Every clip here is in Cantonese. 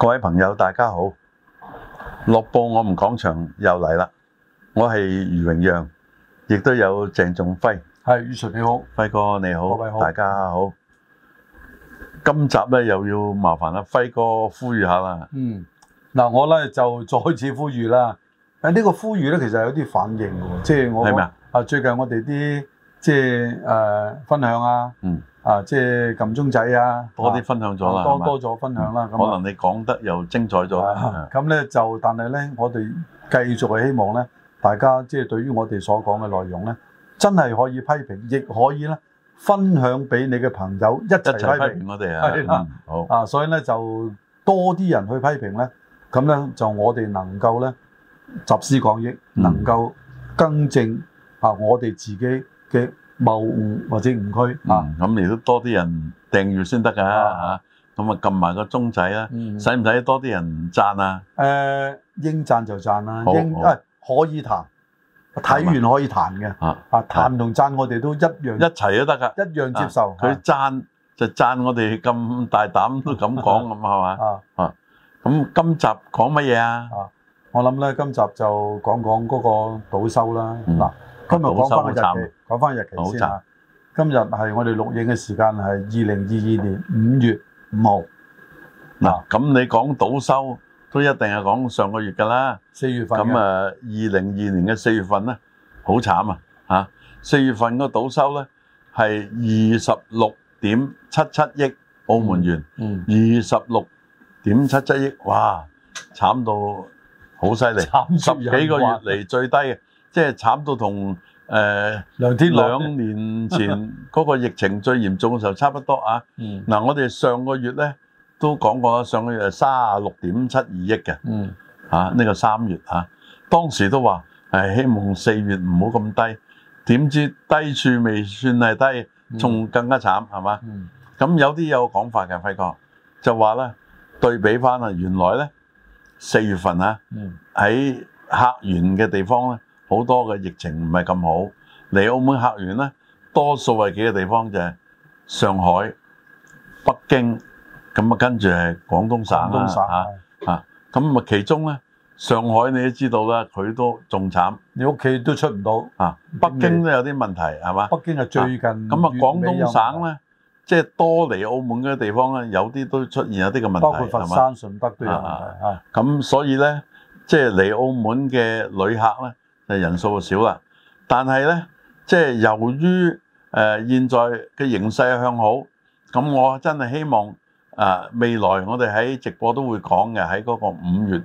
各位朋友，大家好！落布，我唔講場又嚟啦。我係余榮耀，亦都有鄭仲輝。係余 s 你好，輝哥你好，好，大家好。今集咧又要麻煩啦，輝哥呼籲下啦。嗯，嗱我咧就再次呼籲啦。誒、這、呢個呼籲咧其實有啲反應，即係、嗯就是、我係咪啊？啊最近我哋啲即係誒、呃、分享啊，嗯啊即係撳鐘仔啊，多啲分享咗啦，多多咗分享啦、嗯。可能你講得又精彩咗，咁、啊、咧、嗯啊、就但係咧，我哋繼續係希望咧，大家即係對於我哋所講嘅內容咧，真係可以批評，亦可以咧分享俾你嘅朋友一齊批，批評我哋啊，就係啊嗯、好啊，所以咧就多啲人去批評咧，咁咧就我哋能夠咧集思廣益、嗯，能夠更正啊我哋自己。嘅謬誤或者誤區啊，咁你都多啲人訂閱先得噶嚇，咁啊撳埋個鐘仔啦，使唔使多啲人讚啊？誒，應讚就讚啦，應誒可以彈，睇完可以彈嘅啊，啊，彈同讚我哋都一樣一齊都得噶，一樣接受。佢讚就讚我哋咁大膽都咁講，咁係嘛啊？咁今集講乜嘢啊？我諗咧今集就講講嗰個賭收啦嗱。今日講翻個日期，講翻日期先啊！今日係我哋錄影嘅時間係二零二二年五月五號。嗱，咁你講賭收都一定係講上個月㗎啦。四月份。咁誒，二零二二年嘅四月份咧，好慘啊！嚇，四月份個賭收咧係二十六點七七億澳門元。嗯。二十六點七七億，哇！慘到好犀利，三十幾個月嚟最低嘅。即係慘到同誒兩年前嗰 個疫情最嚴重嘅時候差不多啊！嗱、嗯啊，我哋上個月咧都講過上個月係卅六點七二億嘅，嚇、嗯、呢、啊這個三月嚇、啊，當時都話、哎、希望四月唔好咁低，點知低處未算係低，仲、嗯、更加慘係嘛？咁、嗯、有啲有講法嘅輝哥，就話咧對比返啊，原來咧四月份啊喺、嗯、客源嘅地方咧。好多嘅疫情唔係咁好，嚟澳門客源咧，多數係幾個地方就係上海、北京，咁啊跟住係廣東省啊嚇，咁啊其中咧上海你都知道啦，佢都仲慘，你屋企都出唔到啊，北京都有啲問題係嘛？北京係最近咁啊廣東省咧，即係多嚟澳門嘅地方咧，有啲都出現有啲嘅問題係嘛？包括佛山、順德都有問題啊。咁所以咧，即係嚟澳門嘅旅客咧。人數就少啦，但係呢，即係由於誒現在嘅形勢向好，咁我真係希望誒未來我哋喺直播都會講嘅，喺嗰個五月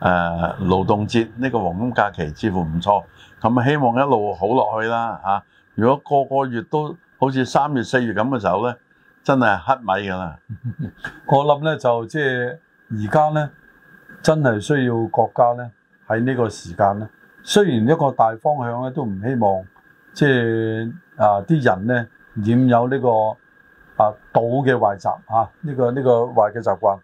誒勞動節呢個黃金假期，似乎唔錯，咁希望一路好落去啦嚇。如果個個月都好似三月四月咁嘅時候呢，真係乞米㗎啦。我諗呢，就即係而家呢，真係需要國家呢喺呢個時間咧。雖然一個大方向咧都唔希望，即係啊啲人咧染有呢、這個啊賭嘅壞習啊，呢、這個呢、這個壞嘅習慣。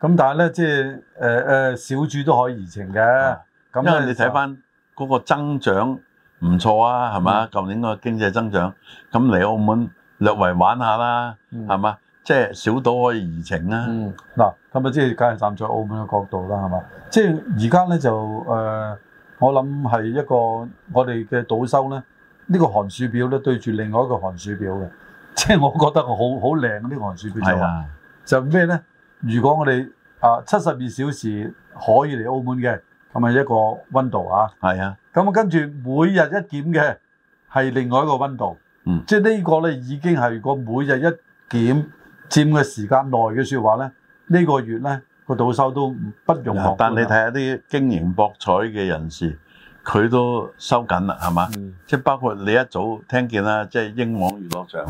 咁，但係咧即係誒、呃呃、小賭都可以怡情嘅。咁、嗯、因為你睇翻嗰個增長唔錯啊，係嘛？舊、嗯、年個經濟增長，咁嚟澳門略為玩下啦，係嘛？嗯、即係小賭可以怡情啊。嗯。嗱，咁啊，即係梗係站在澳門嘅角度啦，係嘛？即係而家咧就誒。呃我諗係一個我哋嘅賭收咧，呢個寒暑表咧對住另外一個寒暑表嘅，即係我覺得我好好靚呢個寒暑表係啊，就咩咧？如果我哋啊七十二小時可以嚟澳門嘅，咁係一個溫度啊。係啊。咁啊跟住每日一檢嘅係另外一個溫度。嗯。即係呢個咧已經係個每日一檢佔嘅時間內嘅說話咧，呢個月咧。個賭收都不用，但你睇下啲經營博彩嘅人士，佢都收緊啦，係嘛？即、嗯、係包括你一早聽見啦，即、就、係、是、英皇娛樂場、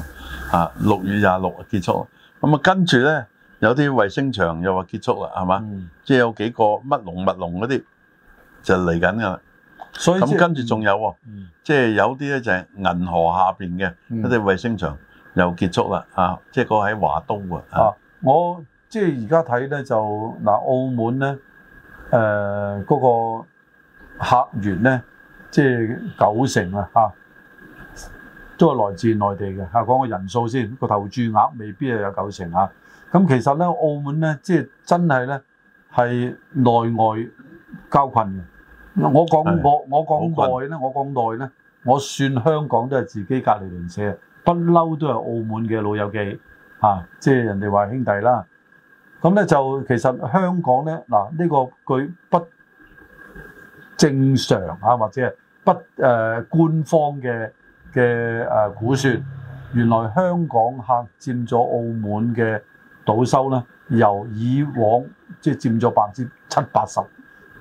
嗯、啊，六月廿六結束。咁啊，跟住咧有啲衛星場又話結束啦，係嘛？即係有幾個乜龍物龍嗰啲就嚟緊㗎啦。所以咁跟住仲有喎，即係有啲咧就係銀河下面嘅啲衛星場又結束啦、嗯。即係個喺華都啊。我即係而家睇咧就嗱澳門咧誒嗰個客源咧即係九成啊嚇，都係來自內地嘅。嚇講個人數先，個投注額未必係有九成啊。咁其實咧澳門咧即係真係咧係內外交困嘅。我講外，我講外咧；我講內咧，我算香港都係自己隔籬鄰舍，不嬲都係澳門嘅老友記嚇。即係人哋話兄弟啦。咁咧就其實香港咧嗱呢、這個據不正常啊或者不、誒、呃、官方嘅、嘅誒估算，原來香港客佔咗澳門嘅賭收咧，由以往即係佔咗百分之七八十，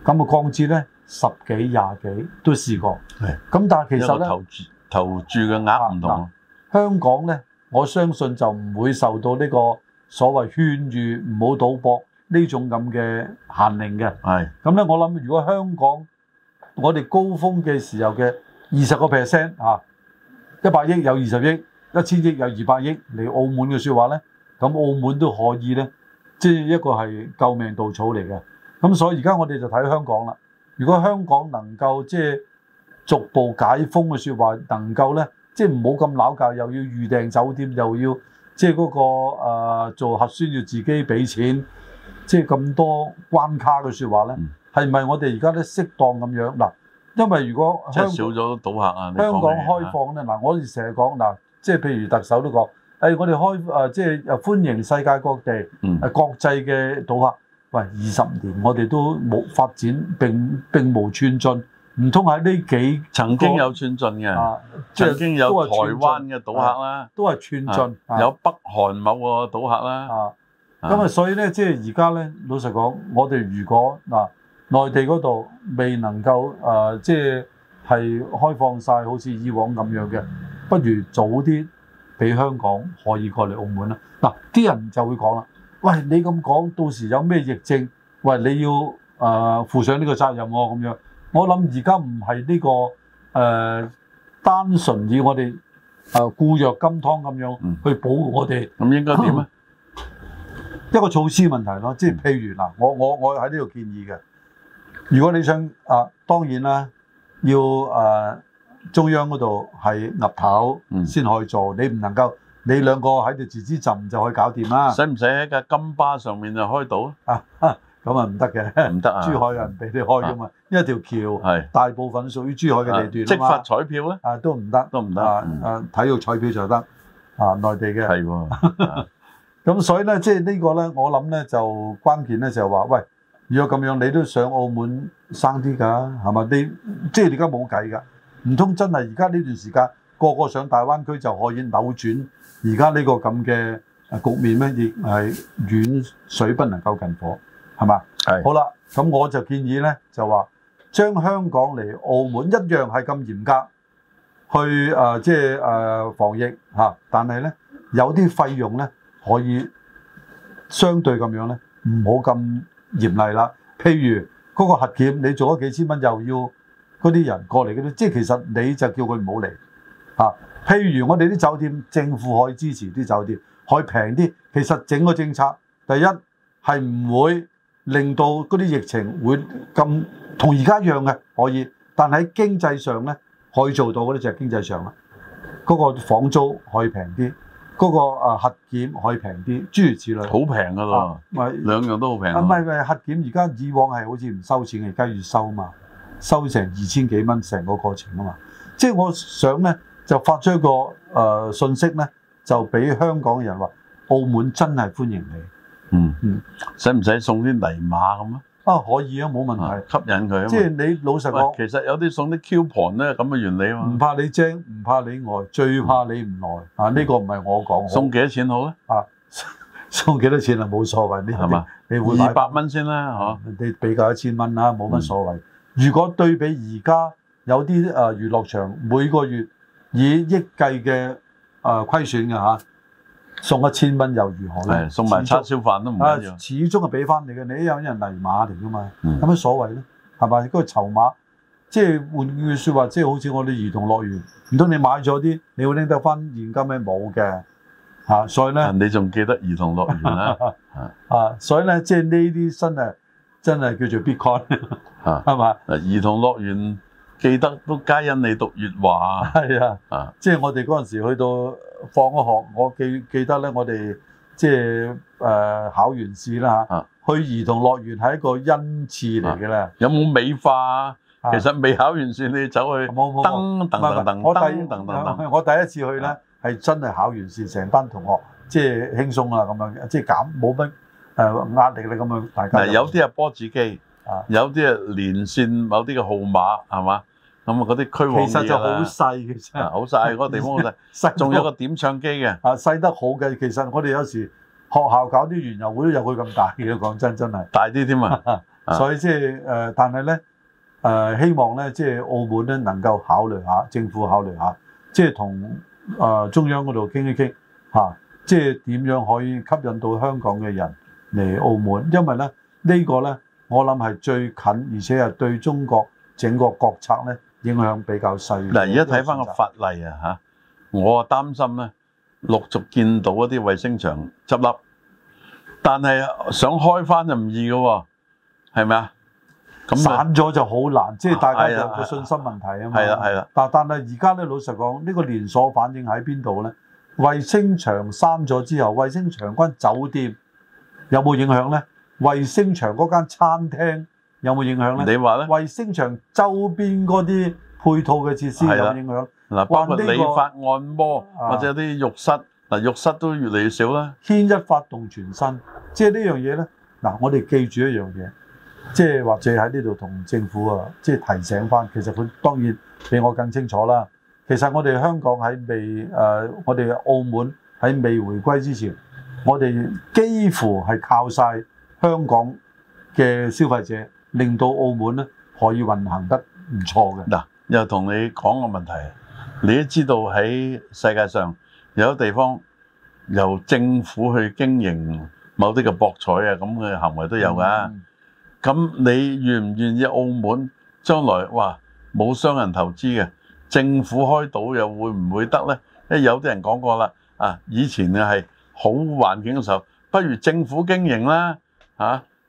咁個降至咧十幾廿幾都試過。咁但係其實咧，投注投注嘅額唔同、呃、香港咧，我相信就唔會受到呢、這個。所謂勸喻唔好賭博呢種咁嘅限令嘅，係咁咧。我諗如果香港我哋高峰嘅時候嘅二十個 percent 啊，一百億有二十億，一千億有二百億嚟澳門嘅說話咧，咁澳門都可以咧，即係一個係救命稻草嚟嘅。咁所以而家我哋就睇香港啦。如果香港能夠即係逐步解封嘅說話，能夠咧即係唔好咁攪架，又要預訂酒店，又要。即係嗰個做核酸要自己俾錢，即係咁多關卡嘅説話咧，係、嗯、咪我哋而家都適當咁樣嗱。因為如果香港少咗賭客啊，香港開放咧嗱、啊，我哋成日講嗱，即係譬如特首都講誒、哎，我哋開誒即係又歡迎世界各地誒、嗯、國際嘅賭客。喂，二十年我哋都冇發展並並無寸進。唔通喺呢幾曾經有串進嘅，曾經有台灣嘅賭客啦、啊，都係串進、啊啊啊啊，有北韓某個賭客啦。咁啊，啊，啊、嗯，所以咧，即係而家咧，老實講，我哋如果嗱內、啊、地嗰度未能夠、啊、即係係開放晒，好似以往咁樣嘅，不如早啲俾香港可以過嚟澳門啦。嗱、啊，啲人就會講啦，喂，你咁講，到時有咩疫症，喂，你要誒負、啊、上呢個責任喎，咁、啊、樣。我諗而家唔係呢個誒、呃、單純以我哋誒、呃、固若金湯咁樣去保護我哋。咁、嗯、應該點咧、嗯？一個措施問題咯，即、就、係、是、譬如嗱，我我我喺呢度建議嘅，如果你想啊，當然啦，要誒、啊、中央嗰度係岌頭先可以做，嗯、你唔能夠你兩個喺度自知浸就可以搞掂啦。使唔使喺架金巴上面就開到啊？啊！ 咁啊唔得嘅，唔得啊！珠海唔俾你開㗎嘛，因、啊、為條橋，大部分屬於珠海嘅地段。即、啊、發彩票咧，啊都唔得，都唔得啊、嗯、啊！體育彩票就得啊，內地嘅。咁、 啊、所以咧，即係呢個咧，我諗咧就關鍵咧就係話，喂，如果咁樣你都上澳門生啲㗎，係咪？你即係你而家冇計㗎，唔通真係而家呢段時間個個上大灣區就可以扭轉而家呢個咁嘅局面咩？亦係遠水不能夠近火。係嘛？係好啦，咁我就建議咧，就話將香港嚟澳門一樣係咁嚴格去誒，即係誒防疫嚇。但係咧，有啲費用咧可以相對咁樣咧，唔好咁嚴厲啦。譬如嗰個核檢，你做咗幾千蚊又要嗰啲人過嚟嗰啲，即係其實你就叫佢唔好嚟。譬如我哋啲酒店，政府可以支持啲酒店，可以平啲。其實整個政策第一係唔會。令到嗰啲疫情會咁同而家一樣嘅可以，但喺經濟上咧可以做到嗰啲就係經濟上啦。嗰、個房租可以平啲，嗰、個、啊、核檢可以平啲，諸如此類。好平㗎喇，兩、啊、樣都好平。唔係、啊、唔係核檢，而家以往係好似唔收錢嘅，而家要收嘛，收成二千幾蚊成個過程啊嘛。即係我想咧就發出一個誒信、呃、息咧，就俾香港嘅人話，澳門真係歡迎你。嗯嗯，使唔使送啲泥碼咁啊？啊，可以啊，冇問題，啊、吸引佢啊。即係你老實講，其實有啲送啲 coupon 咧，咁嘅原理啊。唔怕你精，唔怕你呆，最怕你唔嚟、嗯。啊！呢、這個唔係我講。送幾多錢好咧？啊，送幾多錢啊？冇所謂啲係嘛，你二百蚊先啦，嗬、啊？你俾夠一千蚊啊，冇乜所謂、嗯。如果對比而家有啲誒娛樂場，每個月以億計嘅誒虧損嘅吓。送一千蚊又如何咧？送埋叉燒飯都唔係始終、啊，始終係俾翻你嘅，你一樣一樣泥馬嚟噶嘛？有、嗯、乜所謂咧？係咪？嗰個籌碼，即係換句説話，即係好似我哋兒童樂園，唔通你買咗啲，你會拎得翻現金咩？冇嘅嚇，所以咧、啊，你仲記得兒童樂園啦啊，所以咧，即係呢啲真係真係叫做 Bitcoin 嚇、啊，係 嘛？兒童樂園。記得都皆因你讀粵華，係啊，是啊，即係我哋嗰陣時去到放咗學，我記,記得咧，我哋即係誒、呃、考完試啦、啊、去兒童樂園係一個恩賜嚟㗎啦。有冇美化、啊啊、其實未考完試你走去，噔噔噔，我第一次去咧係、啊、真係考完試，成班同學即係輕鬆啦咁樣，即係減冇乜誒壓力你咁樣、啊。大家有啲係波子機，啊，有啲係連線某啲嘅號碼係嘛。咁啊，嗰啲區域其實就好細，其實好細嗰個地方，細 仲有個點唱機嘅啊，細 得好嘅。其實我哋有時學校搞啲園遊會都有佢咁大嘅，講真真係 大啲添點啊！ 所以即係誒，但係咧誒，希望咧即係澳門咧能夠考慮下，政府考慮下，即係同誒中央嗰度傾一傾嚇，即係點樣可以吸引到香港嘅人嚟澳門？因為咧呢、呢個咧我諗係最近而且係對中國整個國策咧。影響比較細。嗱，而家睇翻個法例啊，嚇，我啊擔心咧，陸續見到一啲衛星場執笠，但係想開翻就唔易嘅喎，係咪啊？咁散咗就好難，即係大家有個信心問題啊嘛。係啦，係啦。嗱，但係而家咧，老實講，呢個連鎖反應喺邊度咧？衛星場閂咗之後，衛星場間酒店有冇影響咧？衛星場嗰間餐廳？有冇影響咧？你話咧，衞星場周邊嗰啲配套嘅設施有冇影響？嗱，包括理髮、按摩或者啲浴室，嗱、啊、浴室都越嚟越少啦。牽一發動全身，即係呢樣嘢咧。嗱、啊，我哋記住一樣嘢，即係或者喺呢度同政府啊，即係提醒翻。其實佢當然比我更清楚啦。其實我哋香港喺未誒、呃，我哋澳門喺未回歸之前，我哋幾乎係靠晒香港嘅消費者。令到澳門咧可以運行得唔錯嘅。嗱，又同你講個問題，你都知道喺世界上有啲地方由政府去經營某啲嘅博彩啊咁嘅行為都有㗎。咁、嗯、你願唔願意澳門將來哇冇商人投資嘅政府開賭又會唔會得呢？有啲人講過啦，啊以前啊係好環境嘅時候，不如政府經營啦，吓。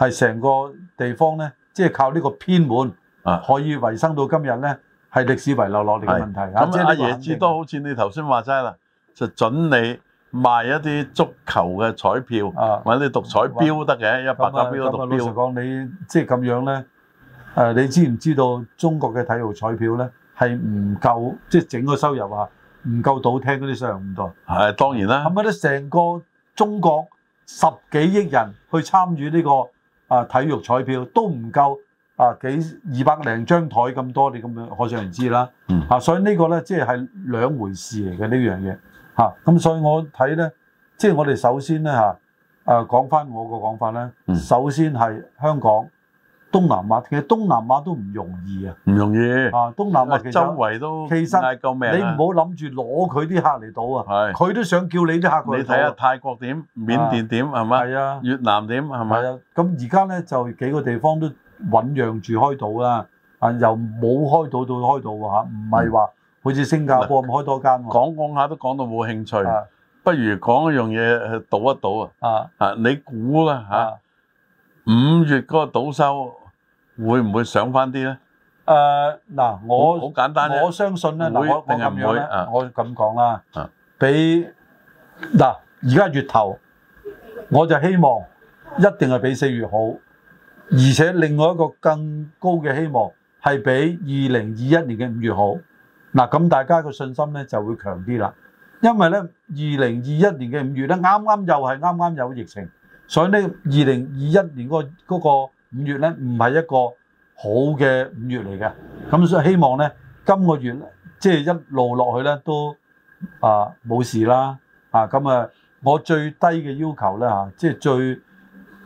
係成個地方咧，即係靠呢個偏門啊，可以維生到今日咧，係歷史遺留落嚟嘅問題。咁阿爺子都好似你頭先話齋啦，就準你賣一啲足球嘅彩票，或者你讀彩票得嘅，一百家標都讀標、啊嗯嗯嗯嗯。老實講，你即係咁樣咧，誒，你知唔知道中國嘅體育彩票咧係唔夠，即係整個收入啊，唔夠賭廳嗰啲收入咁多。係當然啦。係咪啲成個中國十幾億人去參與呢個？啊，體育彩票都唔夠啊，幾二百零張台咁多，你咁樣可想而知啦。嗯啊、所以個呢個咧，即係係兩回事嚟嘅呢樣嘢。咁、啊、所以我睇咧，即、就、係、是、我哋首先咧嚇，誒講翻我個講法咧、嗯，首先係香港。東南亞，其實東南亞都唔容易啊，唔容易啊，東南亞其實周圍都其實夠命，你唔好諗住攞佢啲客嚟賭啊！佢都想叫你啲客嚟賭啊。你睇下泰國點、緬甸點係咪？係啊，越南點係咪？係啊。咁而家咧就幾個地方都醞釀住開賭啦，啊又冇開賭到開賭喎嚇，唔係話好似新加坡咁開多間。講講下都講到冇興趣，不如講一樣嘢去賭一賭啊！啊，你估啦嚇，五月嗰個賭收？會唔會上翻啲咧？誒嗱，我好簡單咧。我相信咧，會定係唔會？我咁講啦，俾嗱而家月頭，我就希望一定係比四月好，而且另外一個更高嘅希望係比二零二一年嘅五月好。嗱，咁大家嘅信心咧就會強啲啦。因為咧，二零二一年嘅五月咧，啱啱又係啱啱有疫情，所以咧，二零二一年嗰嗰個。五月咧，唔係一個好嘅五月嚟嘅，咁所以希望咧今個月即係、就是、一路落去咧都啊冇、呃、事啦，啊咁啊我最低嘅要求呢，啊、即係最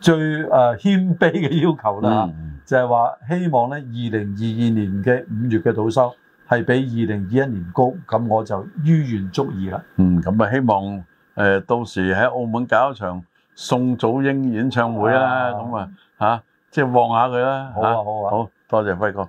最誒、呃、謙卑嘅要求啦、嗯、就係話希望咧二零二二年嘅五月嘅賭收係比二零二一年高，咁我就於願足矣啦。嗯，咁啊希望誒、呃、到時喺澳門搞一場宋祖英演唱會啦，咁啊即係望下佢啦，好啊好啊，好多謝輝哥。